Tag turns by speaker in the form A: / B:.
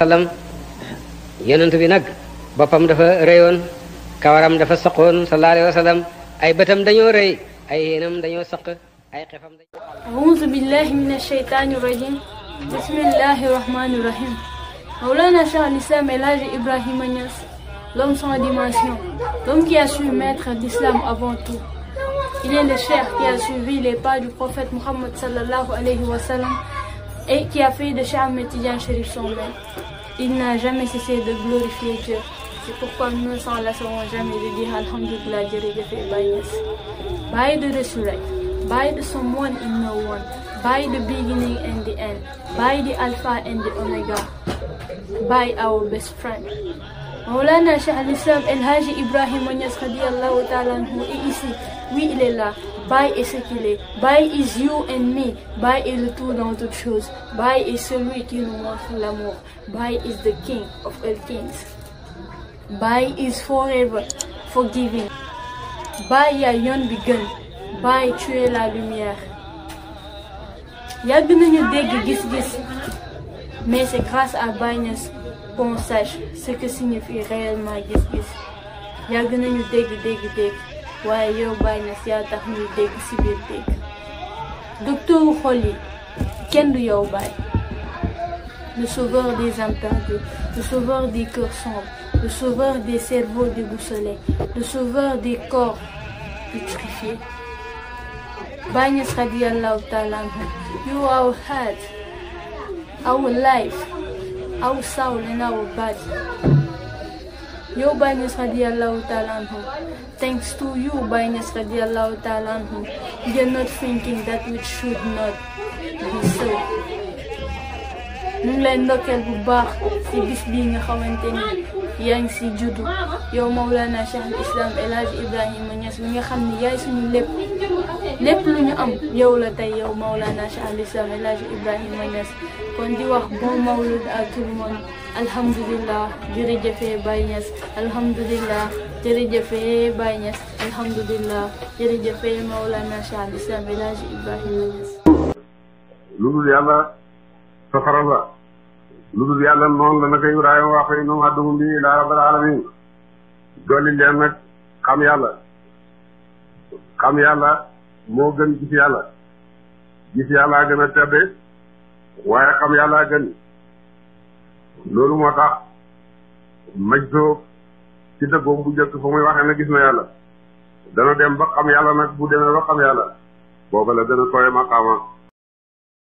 A: sallam yonent bi nag boppam dafa rëyoon kawaram dafa saqoon sallallahu alayhi wa sallam ay bëtam dañoo rey ay yéenam dañoo saq
B: ay xefam dañoo auzu billahi min asheytaani rajim bismillahi rahmani rahim Maulana Cheikh al-Islam El Hadji Ibrahima Niass sans dimension l'homme qui a su maître l'islam avant tout il est le cheikh qui a suivi les pas du prophète Muhammad sallallahu alayhi wa sallam et qui a fait de charme Tidiane Chérif son Il n'a jamais cessé de glorifier Dieu. C'est pourquoi nous ne s'enlacerons jamais de dire Alhamdulillah, Dieu par Bayes. By the Resurrect, by the someone in no one, by the beginning and the end, by the Alpha and the Omega, by our best friend. مولانا Shah al-Islam El-Haji Ibrahim Munyas ta'ala est ici. Oui, il est là. Bail is you and me. Bail est le tout dans toutes choses. Bail est celui qui nous montre l'amour. is the king of all kings. Bail is forever forgiving. Bail a yon begun. Bail tu es la lumière. Yag nañu dégg gis Mais c'est à qu'on sache ce que signifie réellement gis-gis yàgg dég dég dég dégg waaye yow bayna na si yaa tax ñuy dég si bir dégg Docteur Kholi, ken du yow bay. le sauveur des âmes le sauveur des cœurs sombres le sauveur des cerveaux déboussolés le sauveur des corps pétrifiés Baay Ñas radiyallahu ta'ala you are our heart our life our soul and our body. Your Bainus radiallahu ta'ala thanks to you, Bainus radiallahu ta'ala you're not thinking that we should not. ñu ngi lay ndokkeel bu baax ci bis bii nga xamante ni yaa ngi si juddu yow Mawlana Cheikh al Islam El Hadj Ibrahima Niass mi nga xam ne yaay suñu lépp lépp lu ñu am yow la tey yow Mawlana Cheikh al Islam El Hadj Ibrahima Niass kon di wax bon mawlud à tout le monde alhamdulilah jërëjëfee Baye Niass alhamdulilah jërëjëfee Baye Niass alhamdulilah jërëjëfee Mawlana Cheikh al Islam El Hadj Ibrahima Niass.
A: loolu yàlla. safara ba lu dul yàlla noonu la naka Ibrahima waa fay noonu àdduma bi ilaa rabbil alamin dolli leen nag xam yàlla xam yàlla moo gën gis yàlla gis yàllaa gën a tebbe waaye xam yàlla gën loolu moo tax maj soo ci dëggoom bu jëkk fa muy waxee na gis na yàlla dana dem ba xam yàlla nag bu demee ba xam yàlla booba la gën a sooye maqaama